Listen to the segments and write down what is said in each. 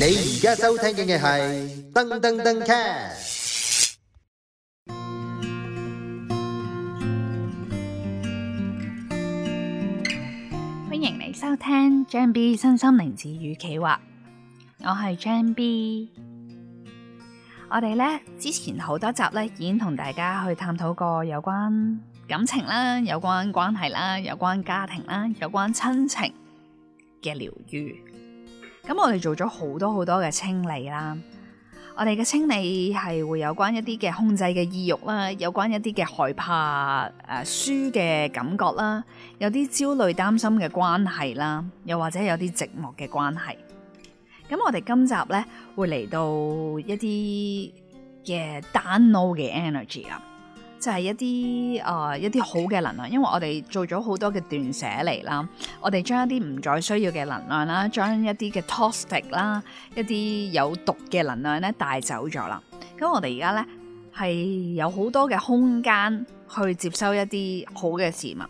你而家收聽緊嘅係噔噔噔車，歡迎你收聽張 B 身心靈治愈企劃，我係張 B。我哋咧之前好多集咧已經同大家去探討過有關感情啦、有關關係啦、有關家庭啦、有關親情嘅療愈。咁我哋做咗好多好多嘅清理啦，我哋嘅清理係會有關一啲嘅控制嘅意欲啦，有關一啲嘅害怕誒、呃、輸嘅感覺啦，有啲焦慮擔心嘅關係啦，又或者有啲寂寞嘅關係。咁我哋今集咧會嚟到一啲嘅單 no 嘅 energy 啦。就係一啲誒、呃、一啲好嘅能量，因為我哋做咗好多嘅斷捨離啦，我哋將一啲唔再需要嘅能量啦，將一啲嘅 toxic 啦，一啲有毒嘅能量咧帶走咗啦。咁我哋而家咧係有好多嘅空間去接收一啲好嘅事物。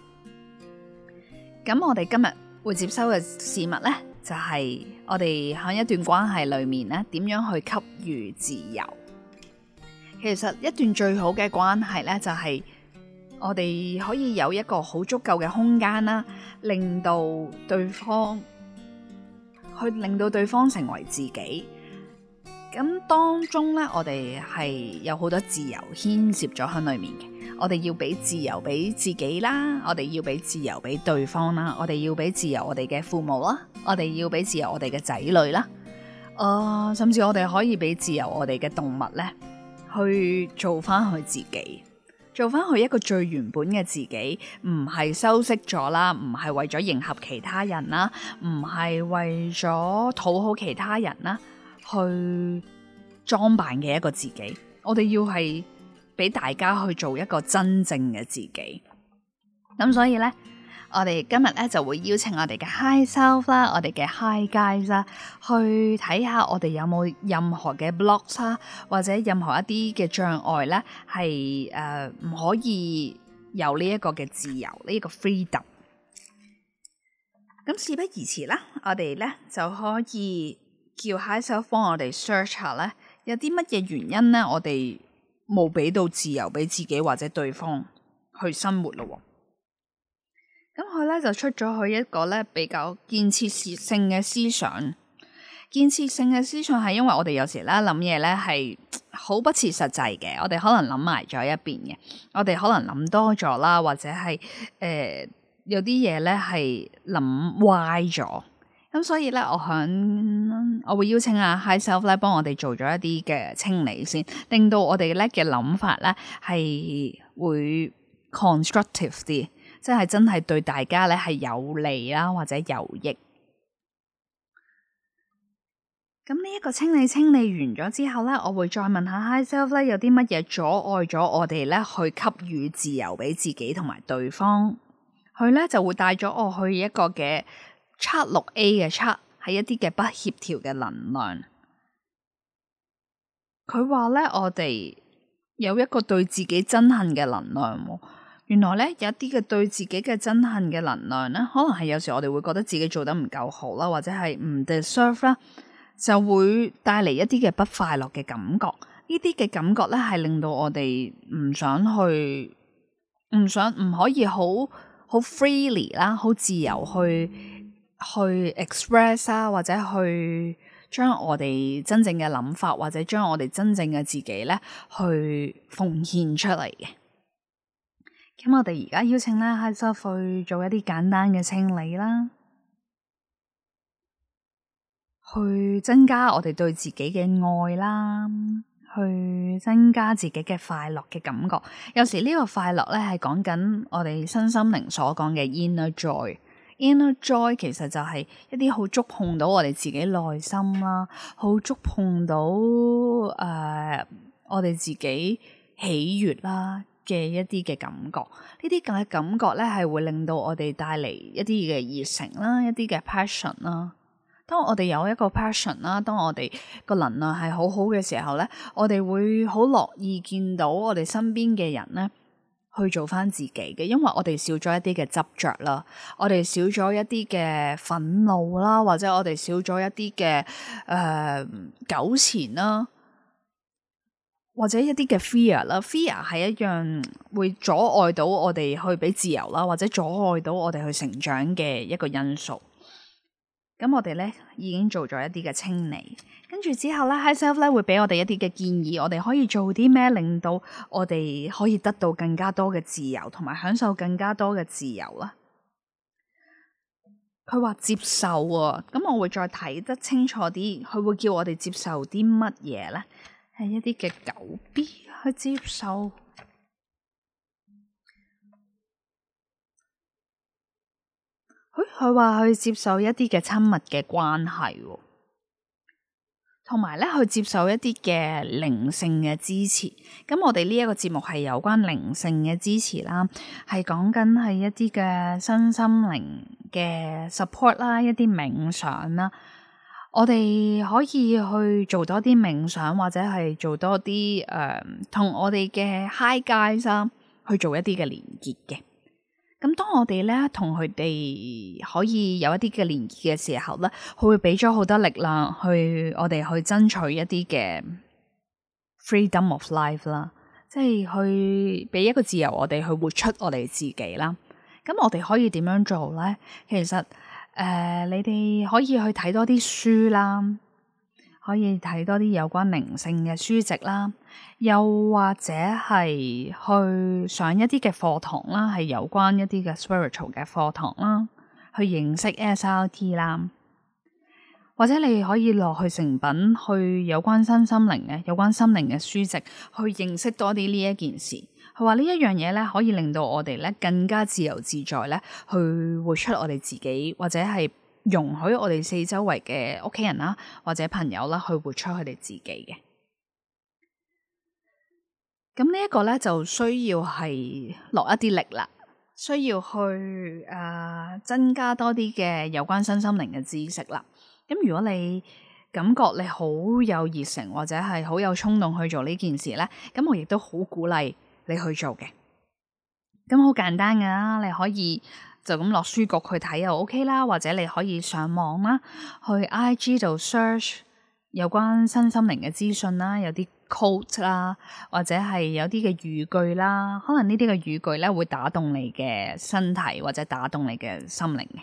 咁我哋今日會接收嘅事物咧，就係、是、我哋喺一段關係裏面咧，點樣去給予自由。其實一段最好嘅關係咧，就係、是、我哋可以有一個好足夠嘅空間啦，令到對方去令到對方成為自己。咁當中咧，我哋係有好多自由牽涉咗喺裏面嘅。我哋要俾自由俾自己啦，我哋要俾自由俾對方啦，我哋要俾自由我哋嘅父母啦，我哋要俾自由我哋嘅仔女啦。誒、呃，甚至我哋可以俾自由我哋嘅動物咧。去做翻佢自己，做翻佢一個最原本嘅自己，唔係修飾咗啦，唔係為咗迎合其他人啦，唔係為咗討好其他人啦，去裝扮嘅一個自己。我哋要係俾大家去做一個真正嘅自己。咁所以呢。我哋今日咧就會邀請我哋嘅 High Self 啦，我哋嘅 High Guys 啦，去睇下我哋有冇任何嘅 blocks 啦，或者任何一啲嘅障礙咧，係誒唔可以有呢一個嘅自由，呢一個 freedom。咁事不宜遲啦，我哋咧就可以叫 High Self 幫我哋 search 下咧，有啲乜嘢原因咧，我哋冇俾到自由俾自己或者對方去生活咯喎。咁佢咧就出咗佢一個咧比較建設性嘅思想，建設性嘅思想係因為我哋有時咧諗嘢咧係好不切實際嘅，我哋可能諗埋咗一邊嘅，我哋可能諗多咗啦，或者係誒、呃、有啲嘢咧係諗歪咗，咁所以咧我響我會邀請阿、啊、High Self 咧幫我哋做咗一啲嘅清理先，令到我哋咧嘅諗法咧係會 constructive 啲。即係真係對大家咧係有利啦，或者有益。咁呢一個清理清理完咗之後呢，我會再問下 High Self 咧有啲乜嘢阻礙咗我哋咧去給予自由俾自己同埋對方。佢呢就會帶咗我去一個嘅七六 A 嘅測，係一啲嘅不協調嘅能量。佢話呢，我哋有一個對自己憎恨嘅能量。原來咧有一啲嘅對自己嘅憎恨嘅能量咧，可能係有時我哋會覺得自己做得唔夠好啦，或者係唔 deserve 啦，就會帶嚟一啲嘅不快樂嘅感覺。呢啲嘅感覺咧，係令到我哋唔想去，唔想唔可以好好 freely 啦，好自由去去 express 啊，或者去將我哋真正嘅諗法，或者將我哋真正嘅自己咧，去奉獻出嚟嘅。咁我哋而家邀請咧，黑叔去做一啲簡單嘅清理啦，去增加我哋對自己嘅愛啦，去增加自己嘅快樂嘅感覺。有時呢個快樂咧，係講緊我哋身心靈所講嘅 inner joy。inner joy 其實就係一啲好觸碰到我哋自己內心啦，好觸碰到誒、呃、我哋自己喜悅啦。嘅一啲嘅感覺，呢啲咁嘅感覺咧，係會令到我哋帶嚟一啲嘅熱誠啦，一啲嘅 passion 啦。當我哋有一個 passion 啦，當我哋個能量係好好嘅時候咧，我哋會好樂意見到我哋身邊嘅人咧去做翻自己嘅，因為我哋少咗一啲嘅執着啦，我哋少咗一啲嘅憤怒啦，或者我哋少咗一啲嘅誒糾纏啦。呃或者一啲嘅 fear 啦，fear 係一樣會阻礙到我哋去俾自由啦，或者阻礙到我哋去成長嘅一個因素。咁我哋咧已經做咗一啲嘅清理，跟住之後咧，herself 咧會俾我哋一啲嘅建議，我哋可以做啲咩令到我哋可以得到更加多嘅自由，同埋享受更加多嘅自由啦。佢話接受啊，咁我會再睇得清楚啲，佢會叫我哋接受啲乜嘢咧？係一啲嘅狗逼去接受，佢佢話去接受一啲嘅親密嘅關係，同埋咧去接受一啲嘅靈性嘅支持。咁我哋呢一個節目係有關靈性嘅支持啦，係講緊係一啲嘅身心靈嘅 support 啦，一啲冥想啦。我哋可以去做多啲冥想，或者係做多啲誒、呃，同我哋嘅 high guys、啊、去做一啲嘅連結嘅。咁當我哋咧同佢哋可以有一啲嘅連結嘅時候咧，佢會俾咗好多力量去我哋去爭取一啲嘅 freedom of life 啦，即係去俾一個自由我哋去活出我哋自己啦。咁我哋可以點樣做咧？其實。誒，uh, 你哋可以去睇多啲書啦，可以睇多啲有關靈性嘅書籍啦，又或者係去上一啲嘅課堂啦，係有關一啲嘅 spiritual 嘅課堂啦，去認識 SRT 啦，或者你可以落去誠品去有關身心靈嘅、有關心靈嘅書籍，去認識多啲呢一件事。佢話呢一樣嘢咧，可以令到我哋咧更加自由自在咧，去活出我哋自己，或者係容許我哋四周圍嘅屋企人啦，或者朋友啦，去活出佢哋自己嘅。咁呢一個咧，就需要係落一啲力啦，需要去誒、呃、增加多啲嘅有關身心靈嘅知識啦。咁如果你感覺你好有熱誠，或者係好有衝動去做呢件事咧，咁我亦都好鼓勵。你去做嘅，咁好簡單噶啦，你可以就咁落書局去睇又 OK 啦，或者你可以上網啦，去 IG 度 search 有關新心靈嘅資訊啦，有啲 quote 啦，或者係有啲嘅語句啦，可能呢啲嘅語句咧會打動你嘅身體或者打動你嘅心靈嘅。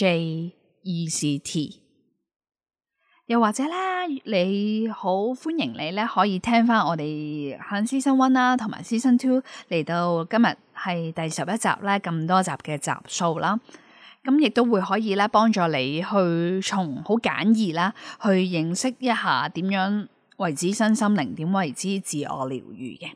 J.E.C.T. 又或者咧，你好歡迎你咧，可以聽翻我哋向師生 One 啦，同埋師生 Two 嚟到今日係第十一集咧，咁多集嘅集數啦。咁、嗯、亦都會可以咧，幫助你去從好簡易啦，去認識一下點樣為之身心靈，點為之自我療愈嘅。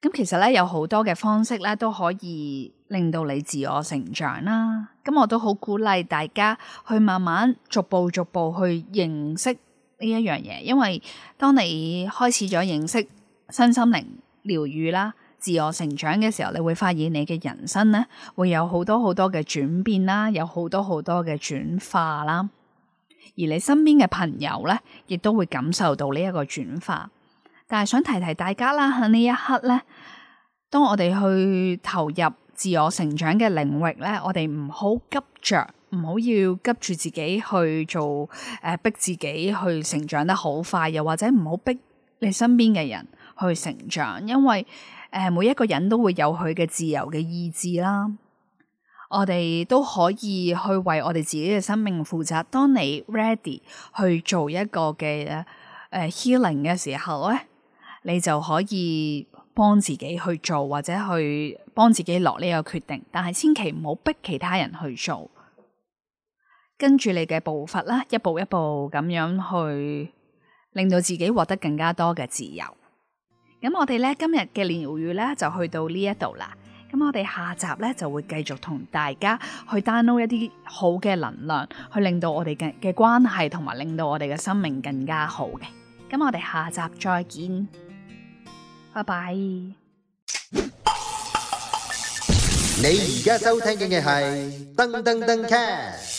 咁、嗯、其實咧，有好多嘅方式咧，都可以。令到你自我成長啦，咁我都好鼓勵大家去慢慢逐步逐步去認識呢一樣嘢，因為當你開始咗認識身心靈療愈啦、自我成長嘅時候，你會發現你嘅人生呢會有好多好多嘅轉變啦，有好多好多嘅轉化啦，而你身邊嘅朋友呢，亦都會感受到呢一個轉化。但係想提提大家啦，喺呢一刻呢，當我哋去投入自我成長嘅領域咧，我哋唔好急着，唔好要急住自己去做，誒，逼自己去成長得好快，又或者唔好逼你身邊嘅人去成長，因為誒、呃、每一個人都會有佢嘅自由嘅意志啦。我哋都可以去為我哋自己嘅生命負責。當你 ready 去做一個嘅誒、呃、healing 嘅時候咧，你就可以。幫自己去做或者去幫自己落呢個決定，但係千祈唔好逼其他人去做。跟住你嘅步伐啦，一步一步咁樣去，令到自己獲得更加多嘅自由。咁我哋呢，今日嘅連油語呢，就去到呢一度啦。咁我哋下集呢，就會繼續同大家去 download 一啲好嘅能量，去令到我哋嘅嘅關係同埋令到我哋嘅生命更加好嘅。咁我哋下集再見。拜拜！ 你而家收聽嘅係噔噔噔 cat